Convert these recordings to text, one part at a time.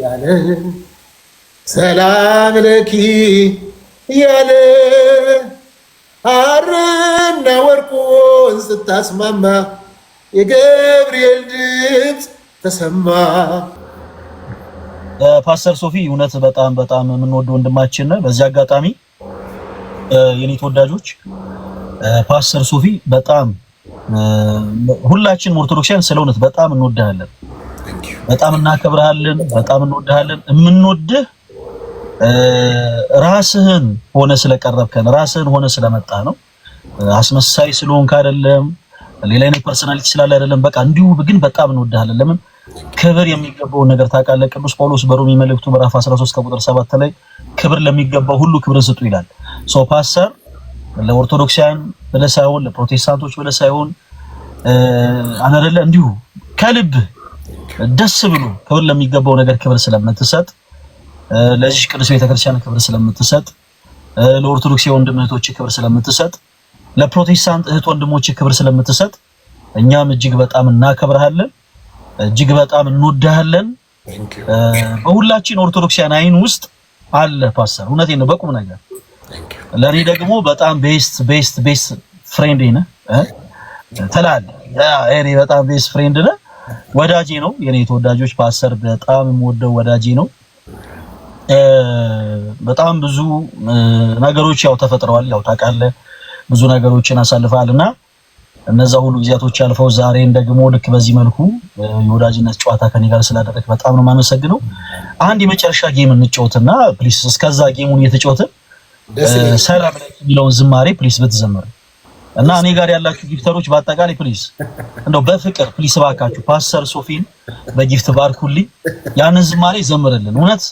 እያለ ሰላም ለኪ እያለ ሐርና ወርቁን ስታስማማ የገብርኤል ድምፅ ተሰማ። ፓስተር ሶፊ እውነት በጣም በጣም የምንወደው ወንድማችን ነው። በዚህ አጋጣሚ የኔ ተወዳጆች ፓስተር ሶፊ በጣም ሁላችንም ኦርቶዶክሳውያን ስለ እውነት በጣም እንወዳለን። በጣም እናከብርሃለን፣ በጣም እንወድሃለን። የምንወድህ ራስህን ሆነ ስለቀረብከን ራስህን ሆነ ስለመጣ ነው። አስመሳይ ስለሆንክ አይደለም፣ ሌላ አይነት ፐርሰናሊቲ ስላለ አይደለም። በቃ እንዲሁ ግን በጣም እንወድሃለን። ለምን ክብር የሚገባውን ነገር ታውቃለህ። ቅዱስ ጳውሎስ በሮሜ መልእክቱ ምዕራፍ 13 ከቁጥር 7 ላይ ክብር ለሚገባው ሁሉ ክብርን ስጡ ይላል። ሶ ፓስተር ለኦርቶዶክሳውያን ብለህ ሳይሆን ለፕሮቴስታንቶች ብለህ ሳይሆን አላደለ እንዲሁ ከልብ ደስ ብሎ ክብር ለሚገባው ነገር ክብር ስለምትሰጥ ለዚህ ቅዱስ ቤተክርስቲያን ክብር ስለምትሰጥ ለኦርቶዶክስ የወንድም እህቶች ክብር ስለምትሰጥ ለፕሮቴስታንት እህት ወንድሞች ክብር ስለምትሰጥ እኛም እጅግ በጣም እናከብርሃለን፣ እጅግ በጣም እንወዳሃለን። በሁላችን ኦርቶዶክሲያን አይን ውስጥ አለ ፓስተር፣ እውነቴን ነው በቁም ነገር ለእኔ ደግሞ በጣም ቤስት ቤስት ቤስት ፍሬንድ ነህ ትላለህ። ያ እኔ በጣም ቤስት ፍሬንድ ነህ ወዳጄ ነው። የኔ ተወዳጆች በአሰር በጣም የምወደው ወዳጄ ነው። በጣም ብዙ ነገሮች ያው ተፈጥረዋል። ያው ታውቃለህ ብዙ ነገሮችን አሳልፈሃል እና እነዛ ሁሉ ጊዜያቶች ያልፈው ዛሬን ደግሞ ልክ በዚህ መልኩ የወዳጅነት ጨዋታ ከኔ ጋር ስላደረግ በጣም ነው የማመሰግነው። አንድ የመጨረሻ ጌም እንጫወትና ፕሊስ፣ እስከዛ ጌሙን እየተጫወትን ሰላም የሚለውን ዝማሬ ፕሊስ ብትዘምር እና እኔ ጋር ያላችሁ ጊፍተሮች በአጠቃላይ ፕሊዝ እንደው በፍቅር ፕሊዝ እባካችሁ ፓስተር ሶፊን በጊፍት ባርኩልኝ። ያንን ዝማሬ ዘምርልን። እውነት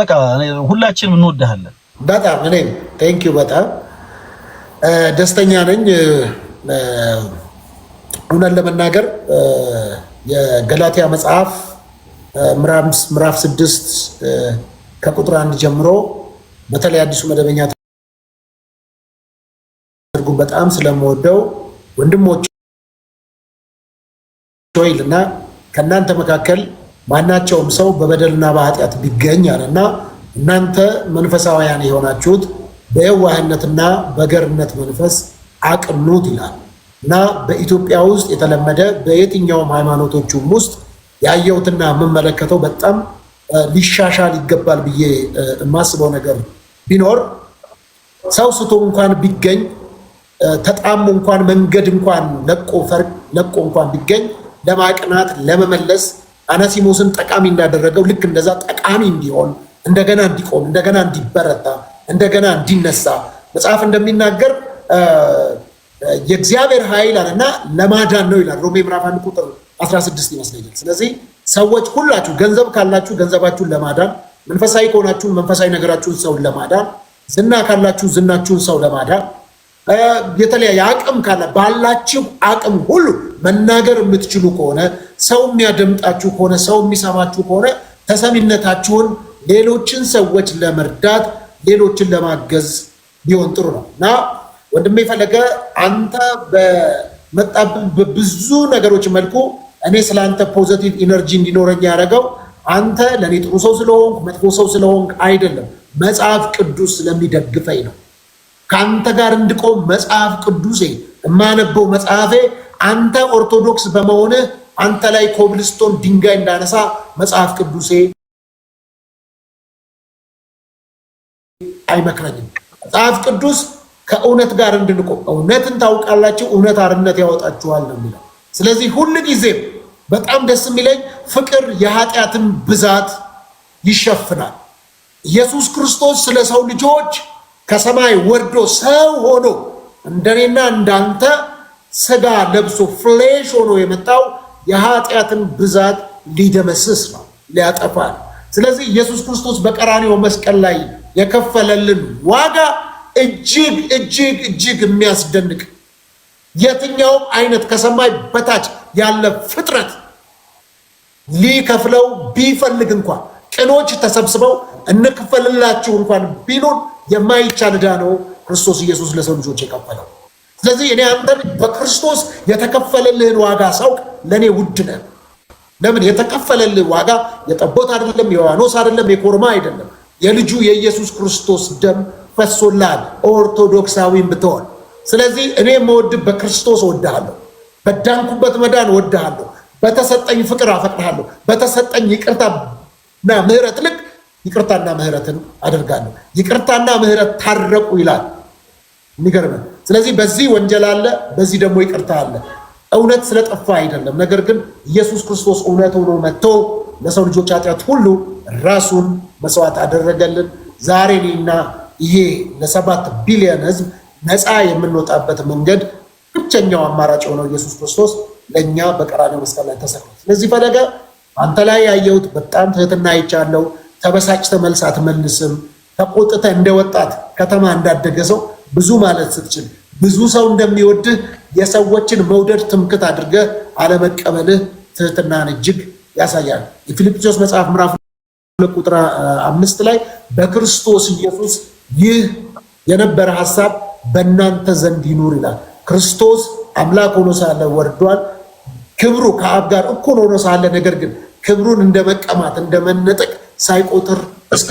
በቃ ሁላችንም እንወድሃለን በጣም እኔም ቴንክ ዩ በጣም ደስተኛ ነኝ። እውነት ለመናገር የገላትያ መጽሐፍ ምዕራፍ ስድስት ከቁጥር አንድ ጀምሮ በተለይ አዲሱ መደበኛ እጅጉን በጣም ስለምወደው ወንድሞች ይልና ከእናንተ መካከል ማናቸውም ሰው በበደልና በኃጢአት ቢገኝ አለና እናንተ መንፈሳውያን የሆናችሁት በየዋህነትና በገርነት መንፈስ አቅኑት ይላል እና በኢትዮጵያ ውስጥ የተለመደ በየትኛውም ሃይማኖቶቹም ውስጥ ያየሁትና የምመለከተው በጣም ሊሻሻል ይገባል ብዬ የማስበው ነገር ቢኖር ሰው ስቶ እንኳን ቢገኝ ተጣሙ እንኳን መንገድ እንኳን ለቆ እንኳን ቢገኝ ለማቅናት ለመመለስ አናሲሞስን ጠቃሚ እንዳደረገው ልክ እንደዛ ጠቃሚ እንዲሆን እንደገና እንዲቆም እንደገና እንዲበረታ እንደገና እንዲነሳ መጽሐፍ እንደሚናገር የእግዚአብሔር ኃይል አለና ለማዳን ነው ይላል። ሮሜ ምዕራፍ አንድ ቁጥር 16 ይመስለኛል። ስለዚህ ሰዎች ሁላችሁ ገንዘብ ካላችሁ ገንዘባችሁን ለማዳን፣ መንፈሳዊ ከሆናችሁ መንፈሳዊ ነገራችሁን ሰውን ለማዳን፣ ዝና ካላችሁ ዝናችሁን ሰው ለማዳን የተለያየ አቅም ካለ ባላችሁ አቅም ሁሉ መናገር የምትችሉ ከሆነ ሰው የሚያደምጣችሁ ከሆነ ሰው የሚሰማችሁ ከሆነ ተሰሚነታችሁን ሌሎችን ሰዎች ለመርዳት ሌሎችን ለማገዝ ቢሆን ጥሩ ነው እና ወንድሜ ፈለገ አንተ በመጣብህ በብዙ ነገሮች መልኩ እኔ ስለ አንተ ፖዘቲቭ ኢነርጂ እንዲኖረኝ ያደረገው አንተ ለእኔ ጥሩ ሰው ስለሆንክ መጥፎ ሰው ስለሆንክ አይደለም፣ መጽሐፍ ቅዱስ ስለሚደግፈኝ ነው። ከአንተ ጋር እንድቆም መጽሐፍ ቅዱሴ የማነበው መጽሐፌ አንተ ኦርቶዶክስ በመሆንህ አንተ ላይ ኮብልስቶን ድንጋይ እንዳነሳ መጽሐፍ ቅዱሴ አይመክረኝም። መጽሐፍ ቅዱስ ከእውነት ጋር እንድንቆም እውነትን ታውቃላችሁ፣ እውነት አርነት ያወጣችኋል ነው የሚለው። ስለዚህ ሁል ጊዜም በጣም ደስ የሚለኝ ፍቅር የኃጢአትን ብዛት ይሸፍናል። ኢየሱስ ክርስቶስ ስለ ሰው ልጆች ከሰማይ ወርዶ ሰው ሆኖ እንደኔና እንዳንተ ስጋ ለብሶ ፍሌሽ ሆኖ የመጣው የኃጢአትን ብዛት ሊደመስስ ነው፣ ሊያጠፋ ነው። ስለዚህ ኢየሱስ ክርስቶስ በቀራኒው መስቀል ላይ የከፈለልን ዋጋ እጅግ እጅግ እጅግ የሚያስደንቅ የትኛውም አይነት ከሰማይ በታች ያለ ፍጥረት ሊከፍለው ቢፈልግ እንኳ ቅኖች ተሰብስበው እንክፈልላችሁ እንኳን ቢሉን የማይቻል ዕዳ ነው ክርስቶስ ኢየሱስ ለሰው ልጆች የከፈለው። ስለዚህ እኔ አንተን በክርስቶስ የተከፈለልህን ዋጋ ሳውቅ ለእኔ ውድ ነህ። ለምን የተከፈለልህ ዋጋ የጠቦት አይደለም፣ የዋኖስ አይደለም፣ የኮርማ አይደለም፣ የልጁ የኢየሱስ ክርስቶስ ደም ፈሶላል ኦርቶዶክሳዊም ብትሆን። ስለዚህ እኔ የምወድ በክርስቶስ ወድሃለሁ፣ በዳንኩበት መዳን ወድሃለሁ፣ በተሰጠኝ ፍቅር አፈቅርሃለሁ፣ በተሰጠኝ ይቅርታና ምሕረት ልክ ይቅርታና ምህረትን አደርጋለሁ። ይቅርታና ምህረት ታረቁ ይላል። የሚገርም ስለዚህ በዚህ ወንጀል አለ፣ በዚህ ደግሞ ይቅርታ አለ። እውነት ስለጠፋ አይደለም፣ ነገር ግን ኢየሱስ ክርስቶስ እውነት ሆኖ መጥቶ ለሰው ልጆች ኃጢአት ሁሉ ራሱን መስዋዕት አደረገልን። ዛሬ እኔና ይሄ ለሰባት ቢሊዮን ህዝብ ነፃ የምንወጣበት መንገድ ብቸኛው አማራጭ የሆነው ኢየሱስ ክርስቶስ ለእኛ በቀራንዮ መስቀል ላይ ተሰቅሏል። ስለዚህ ፈለገ አንተ ላይ ያየሁት በጣም ትህትና አይቻለሁ። ተበሳጭተ መልስ አትመልስም። ተቆጥተ እንደ ወጣት ከተማ እንዳደገ ሰው ብዙ ማለት ስትችል ብዙ ሰው እንደሚወድህ የሰዎችን መውደድ ትምክት አድርገህ አለመቀበልህ ትህትናን እጅግ ያሳያል። የፊልጵስዩስ መጽሐፍ ምዕራፍ ቁጥር አምስት ላይ በክርስቶስ ኢየሱስ ይህ የነበረ ሀሳብ በእናንተ ዘንድ ይኑር ይላል። ክርስቶስ አምላክ ሆኖ ሳለ ወርዷል። ክብሩ ከአብ ጋር እኩል ሆኖ ሳለ ነገር ግን ክብሩን እንደመቀማት እንደመነጠቅ ሳይቆጥር እስከ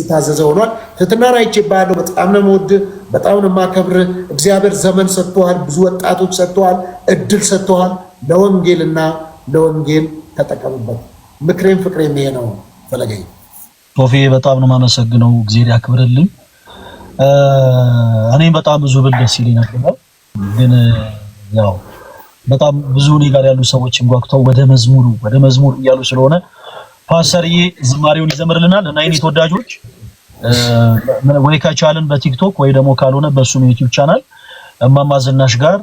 የታዘዘ ሆኗል። ትትናን አይቼብሃለሁ። በጣም ነው የምወድህ፣ በጣም ነው የማከብርህ። እግዚአብሔር ዘመን ሰጥተዋል፣ ብዙ ወጣቶች ሰጥተዋል፣ እድል ሰጥተዋል። ለወንጌልና ለወንጌል ተጠቀምበት። ምክሬም ፍቅሬም ይሄ ነው። ፈለገኝ ቶፌ በጣም ነው የማመሰግነው። እግዚአብሔር ያክብርልኝ። እኔም በጣም ብዙ ብል ደስ ይለኝ ነበር፣ ግን ያው በጣም ብዙ እኔ ጋር ያሉ ሰዎች ጓጉተው ወደ መዝሙሩ ወደ መዝሙር እያሉ ስለሆነ ፓስተርዬ ዝማሬውን ይዘምርልናል እና የኔ ተወዳጆች ወይ ከቻልን በቲክቶክ ወይ ደግሞ ካልሆነ በሱም ዩቲዩብ ቻናል እማማ ዝናሽ ጋር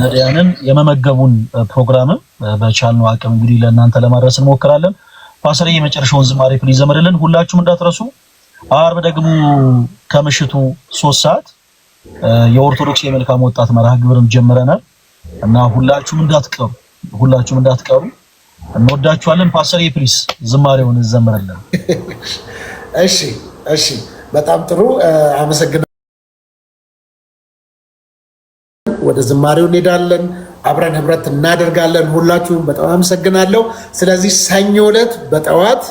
ነዳያንን የመመገቡን ፕሮግራምም በቻልነው አቅም እንግዲህ ለእናንተ ለማድረስ እንሞክራለን። ፓስተርዬ የመጨረሻውን ዝማሬ ፕሊዝ ዘምርልን። ሁላችሁም እንዳትረሱ። አርብ ደግሞ ከምሽቱ ሶስት ሰዓት የኦርቶዶክስ የመልካም ወጣት መርሃ ግብርም ጀምረናል እና ሁላችሁም እንዳትቀሩ፣ ሁላችሁም እንዳትቀሩ እንወዳችኋለን። ፓስተር የፕሪስ ዝማሬውን እንዘምራለን። እሺ፣ እሺ፣ በጣም ጥሩ አመሰግናለሁ። ወደ ዝማሬው እንሄዳለን። አብረን ህብረት እናደርጋለን። ሁላችሁም በጣም አመሰግናለሁ። ስለዚህ ሰኞ ዕለት በጠዋት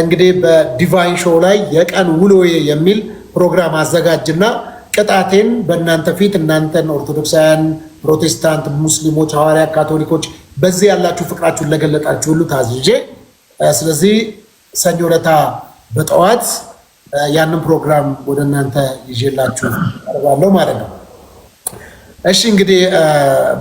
እንግዲህ በዲቫይን ሾው ላይ የቀን ውሎዬ የሚል ፕሮግራም አዘጋጅና ቅጣቴን በእናንተ ፊት እናንተን ኦርቶዶክሳውያን፣ ፕሮቴስታንት፣ ሙስሊሞች፣ ሐዋርያ ካቶሊኮች በዚህ ያላችሁ ፍቅራችሁን ለገለጣችሁ ሁሉ ታዝዤ፣ ስለዚህ ሰኞ ዕለት በጠዋት ያንን ፕሮግራም ወደ እናንተ ይዤላችሁ ቀርባለሁ ማለት ነው። እሺ እንግዲህ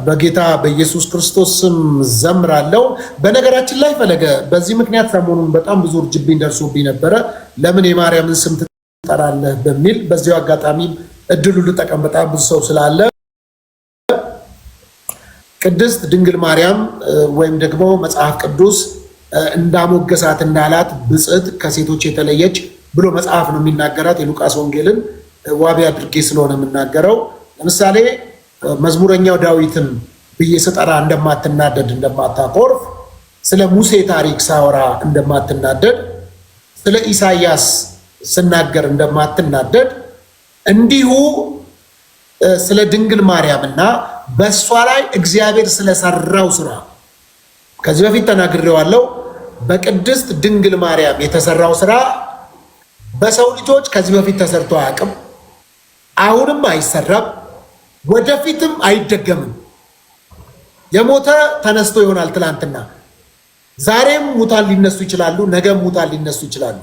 በጌታ በኢየሱስ ክርስቶስ ስም ዘምራለሁ። በነገራችን ላይ ፈለገ በዚህ ምክንያት ሰሞኑን በጣም ብዙ እርጅብኝ ደርሶብኝ ነበረ። ለምን የማርያምን ስም ትጠራለህ በሚል በዚሁ አጋጣሚ እድሉ ልጠቀም በጣም ብዙ ሰው ስላለ ቅድስት ድንግል ማርያም ወይም ደግሞ መጽሐፍ ቅዱስ እንዳሞገሳት እንዳላት ብጽት ከሴቶች የተለየች ብሎ መጽሐፍ ነው የሚናገራት። የሉቃስ ወንጌልን ዋቢ አድርጌ ስለሆነ የምናገረው ለምሳሌ መዝሙረኛው ዳዊትን ብዬ ስጠራ እንደማትናደድ እንደማታኮርፍ፣ ስለ ሙሴ ታሪክ ሳወራ እንደማትናደድ፣ ስለ ኢሳያስ ስናገር እንደማትናደድ እንዲሁ ስለ ድንግል ማርያም እና በእሷ ላይ እግዚአብሔር ስለሰራው ስራ ከዚህ በፊት ተናግሬዋለሁ። በቅድስት ድንግል ማርያም የተሰራው ስራ በሰው ልጆች ከዚህ በፊት ተሰርቶ አያውቅም። አሁንም አይሰራም፣ ወደፊትም አይደገምም። የሞተ ተነስቶ ይሆናል ትላንትና። ዛሬም ሙታን ሊነሱ ይችላሉ፣ ነገም ሙታን ሊነሱ ይችላሉ።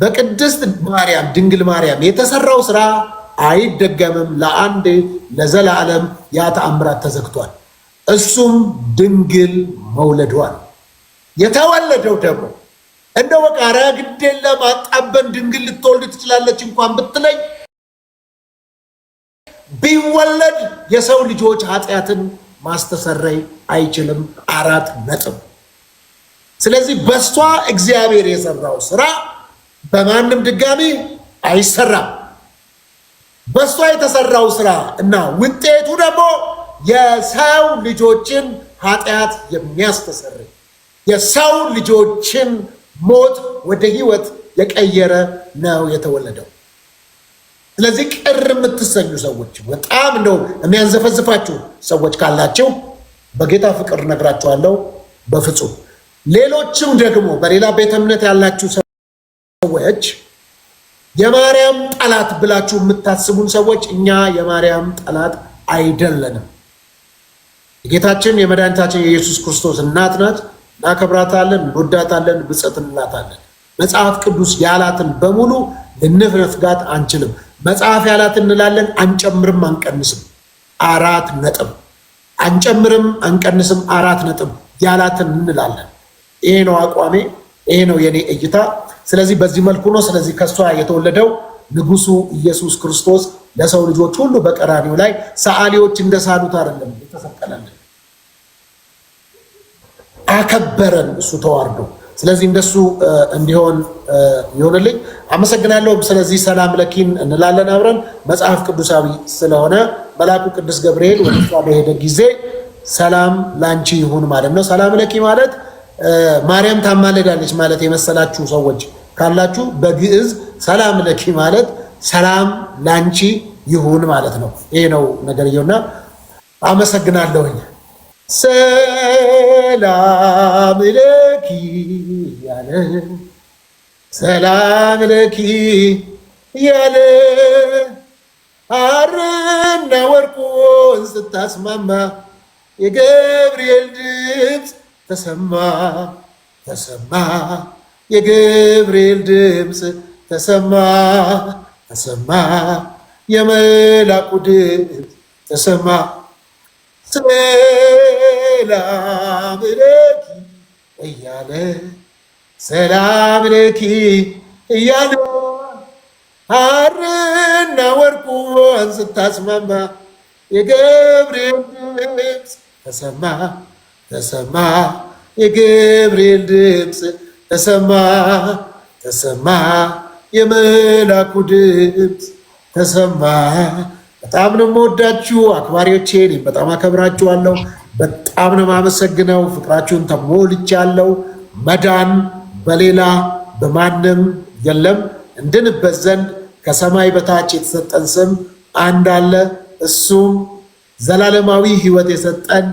በቅድስት ማርያም ድንግል ማርያም የተሰራው ስራ አይደገምም፣ ለአንድ ለዘላለም ያ ተአምራት ተዘግቷል። እሱም ድንግል መውለዷል። የተወለደው ደግሞ እንደ በቃ ኧረ ግድ አጣበን ድንግል ልትወልድ ትችላለች እንኳን ብትለይ ቢወለድ የሰው ልጆች ኃጢአትን ማስተሰረይ አይችልም። አራት ነጥብ። ስለዚህ በሷ እግዚአብሔር የሰራው ስራ በማንም ድጋሚ አይሰራም። በእሷ የተሰራው ስራ እና ውጤቱ ደግሞ የሰው ልጆችን ኃጢአት የሚያስተሰር የሰው ልጆችን ሞት ወደ ህይወት የቀየረ ነው የተወለደው። ስለዚህ ቅር የምትሰኙ ሰዎች በጣም እንደው የሚያንዘፈዝፋችሁ ሰዎች ካላችሁ በጌታ ፍቅር ነግራችኋለሁ፣ በፍጹም ሌሎችም ደግሞ በሌላ ቤተ እምነት ያላችሁ ሰዎች የማርያም ጠላት ብላችሁ የምታስቡን ሰዎች እኛ የማርያም ጠላት አይደለንም። የጌታችን የመድኃኒታችን የኢየሱስ ክርስቶስ እናት ናት። እናከብራታለን፣ እንወዳታለን፣ ብፅዕት እንላታለን። መጽሐፍ ቅዱስ ያላትን በሙሉ ልንፍረፍጋት አንችልም። መጽሐፍ ያላትን እንላለን፣ አንጨምርም፣ አንቀንስም። አራት ነጥብ። አንጨምርም፣ አንቀንስም። አራት ነጥብ ያላትን እንላለን። ይሄ ነው አቋሜ። ይሄ ነው የኔ እይታ። ስለዚህ በዚህ መልኩ ነው። ስለዚህ ከሷ የተወለደው ንጉሱ ኢየሱስ ክርስቶስ ለሰው ልጆች ሁሉ በቀራኒው ላይ ሰዓሊዎች እንደሳሉት አይደለም የተሰቀለልን፣ አከበረን እሱ ተዋርዶ። ስለዚህ እንደሱ እንዲሆን ይሆንልኝ። አመሰግናለሁ። ስለዚህ ሰላም ለኪን እንላለን አብረን መጽሐፍ ቅዱሳዊ ስለሆነ መልአኩ ቅዱስ ገብርኤል ወደ በሄደ ጊዜ ሰላም ላንቺ ይሁን ማለት ነው። ሰላም ለኪ ማለት ማርያም ታማልዳለች ማለት የመሰላችሁ ሰዎች ካላችሁ በግዕዝ ሰላም ለኪ ማለት ሰላም ላንቺ ይሁን ማለት ነው። ይሄ ነው ነገርየውና አመሰግናለሁኝ። ሰላም ለኪ ያለ ሰላም ለኪ ያለ ሐርና ወርቁን ስታስማማ የገብርኤል ድምፅ ተሰማ ተሰማ የገብርኤል ድምፅ ተሰማ ተሰማ የመላኩ ድምፅ ተሰማ ሰላም ለኪ እያለ ሰላም ለኪ እያለ ሐርና ወርቁን ስታስማማ የገብርኤል ድምፅ ተሰማ ተሰማ የገብርኤል ድምፅ ተሰማ ተሰማ የመላኩ ድምፅ ተሰማ። በጣም ነው የምወዳችሁ አክባሪዎቼ፣ እኔም በጣም አከብራችኋለሁ። በጣም ነው የማመሰግነው። ፍቅራችሁን ተሞልቻለሁ። መዳን በሌላ በማንም የለም። እንድንበት ዘንድ ከሰማይ በታች የተሰጠን ስም አንድ አለ። እሱም ዘላለማዊ ሕይወት የሰጠን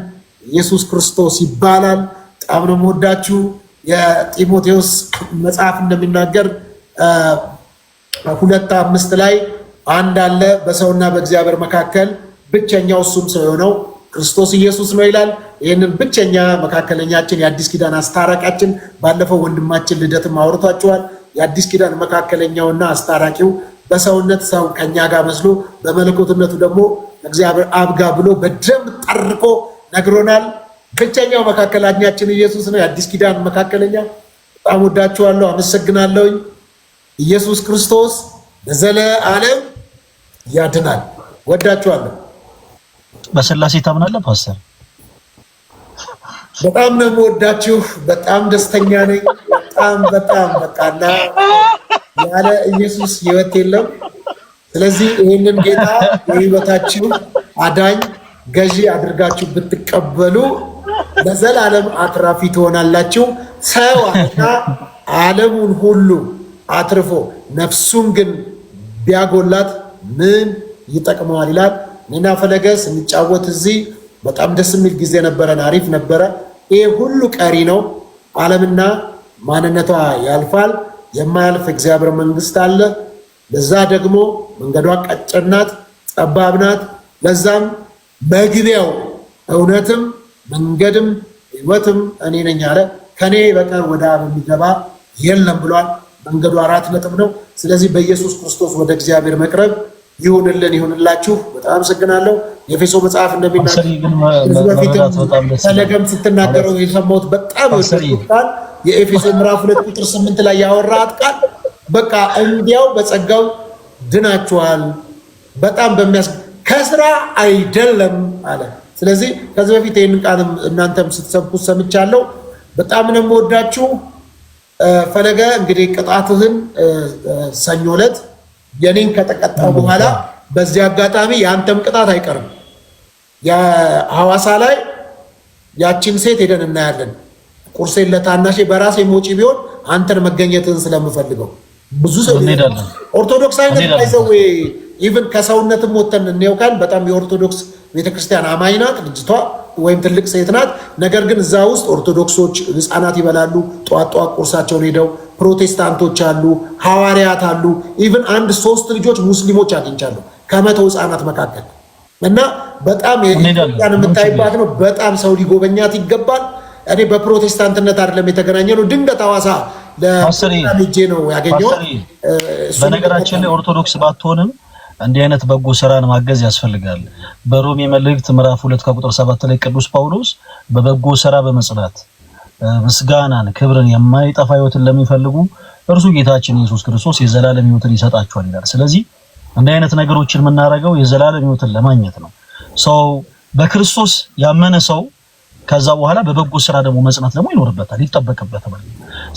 ኢየሱስ ክርስቶስ ይባላል። በጣም ነው የምወዳችሁ። የጢሞቴዎስ መጽሐፍ እንደሚናገር ሁለት አምስት ላይ አንድ አለ በሰውና በእግዚአብሔር መካከል ብቸኛው እሱም ሰው የሆነው ክርስቶስ ኢየሱስ ነው ይላል። ይህንን ብቸኛ መካከለኛችን የአዲስ ኪዳን አስታራቂያችን ባለፈው ወንድማችን ልደትም አውርቷቸዋል። የአዲስ ኪዳን መካከለኛውና አስታራቂው በሰውነት ሰው ከኛ ጋር መስሎ በመለኮትነቱ ደግሞ እግዚአብሔር አብጋ ብሎ በደንብ ጠርቆ ነግሮናል። ብቸኛው መካከለኛችን ኢየሱስ ነው፣ የአዲስ ኪዳን መካከለኛ። በጣም ወዳችኋለሁ፣ አመሰግናለሁኝ። ኢየሱስ ክርስቶስ ለዘለ ዓለም ያድናል። ወዳችኋለሁ። በስላሴ ታምናለህ ፓስተር? በጣም ነው የምወዳችሁ። በጣም ደስተኛ ነኝ። በጣም በጣም በቃና ያለ ኢየሱስ ህይወት የለም። ስለዚህ ይህንን ጌታ የህይወታችሁ አዳኝ ገዢ አድርጋችሁ ብትቀበሉ ለዘላለም አትራፊ ትሆናላችሁ። ሰው አለሙን ዓለሙን ሁሉ አትርፎ ነፍሱን ግን ቢያጎላት ምን ይጠቅመዋል ይላል። እኔና ፈለገ ስንጫወት እዚህ በጣም ደስ የሚል ጊዜ ነበረን። አሪፍ ነበረ። ይህ ሁሉ ቀሪ ነው። ዓለምና ማንነቷ ያልፋል። የማያልፍ እግዚአብሔር መንግስት አለ። ለዛ ደግሞ መንገዷ ቀጭን ናት፣ ጠባብ ናት። ለዛም መግቢያው እውነትም መንገድም ህይወትም እኔ ነኝ አለ። ከኔ በቀር ወደ አብ የሚገባ የለም ብሏል። መንገዱ አራት ነጥብ ነው። ስለዚህ በኢየሱስ ክርስቶስ ወደ እግዚአብሔር መቅረብ ይሁንልን ይሁንላችሁ። በጣም አመሰግናለሁ። የኤፌሶ መጽሐፍ እንደሚናበፊትም ፈለገም ስትናገረው የሰማሁት በጣም ቃል የኤፌሶ ምዕራፍ ሁለት ቁጥር ስምንት ላይ ያወራት ቃል በቃ እንዲያው በጸጋው ድናችኋል በጣም በሚያስ ከስራ አይደለም አለ። ስለዚህ ከዚህ በፊት ይህን ቃልም እናንተም ስትሰብኩት ሰምቻለሁ። በጣም ነው የምወዳችሁ። ፈለገ እንግዲህ ቅጣትህን ሰኞ ዕለት የኔን ከተቀጣ በኋላ በዚህ አጋጣሚ የአንተም ቅጣት አይቀርም። የሐዋሳ ላይ ያቺን ሴት ሄደን እናያለን። ቁርሴን ለታናሼ በራሴ ሞጪ ቢሆን አንተን መገኘትህን ስለምፈልገው ብዙ ሰው ኦርቶዶክስ አይነት ይዘዌ ኢቨን ከሰውነትም ወተን እንየው በጣም የኦርቶዶክስ ቤተክርስቲያን አማኝ ናት ልጅቷ ወይም ትልቅ ሴት ናት። ነገር ግን እዛ ውስጥ ኦርቶዶክሶች ህፃናት ይበላሉ፣ ጠዋት ጠዋት ቁርሳቸውን ሄደው ፕሮቴስታንቶች አሉ፣ ሐዋርያት አሉ። ኢቨን አንድ ሶስት ልጆች ሙስሊሞች አግኝቻለሁ ከመቶ ህፃናት መካከል እና በጣም የኢትዮጵያን የምታይባት ነው። በጣም ሰው ሊጎበኛት ይገባል። እኔ በፕሮቴስታንትነት አይደለም የተገናኘ ነው። ድንገት ሐዋሳ ለጄ ነው ያገኘው። በነገራችን ላይ ኦርቶዶክስ ባትሆንም እንዲህ አይነት በጎ ስራን ማገዝ ያስፈልጋል። በሮሜ መልእክት ምዕራፍ ሁለት ከቁጥር ሰባት ላይ ቅዱስ ጳውሎስ በበጎ ስራ በመጽናት ምስጋናን፣ ክብርን፣ የማይጠፋ ህይወትን ለሚፈልጉ እርሱ ጌታችን ኢየሱስ ክርስቶስ የዘላለም ህይወትን ይሰጣቸዋል ይላል። ስለዚህ እንዲህ አይነት ነገሮችን የምናደርገው የዘላለም ህይወትን ለማግኘት ነው። ሰው በክርስቶስ ያመነ ሰው ከዛ በኋላ በበጎ ስራ ደግሞ መጽናት ደግሞ ይኖርበታል፣ ይጠበቅበታል።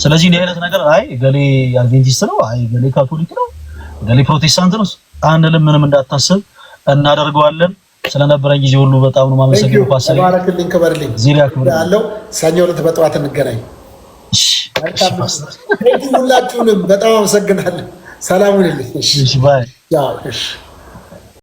ስለዚህ እንዲህ አይነት ነገር አይ ገሌ አድቬንቲስት ነው፣ አይ ገሌ ካቶሊክ ነው፣ ገሌ ፕሮቴስታንት ነው አንልም፣ ምንም እንዳታስብ እናደርገዋለን። ስለነበረኝ ጊዜ ሁሉ በጣም ነው የማመሰግነው። ፋሰለ ባረክልኝ፣ ክበርልኝ። ዚሪያ ክብር ያለው ሰኞ ዕለት በጠዋት እንገናኝ። ሁላችሁንም በጣም አመሰግናለሁ። ሰላም ሁኑልኝ። እሺ ባይ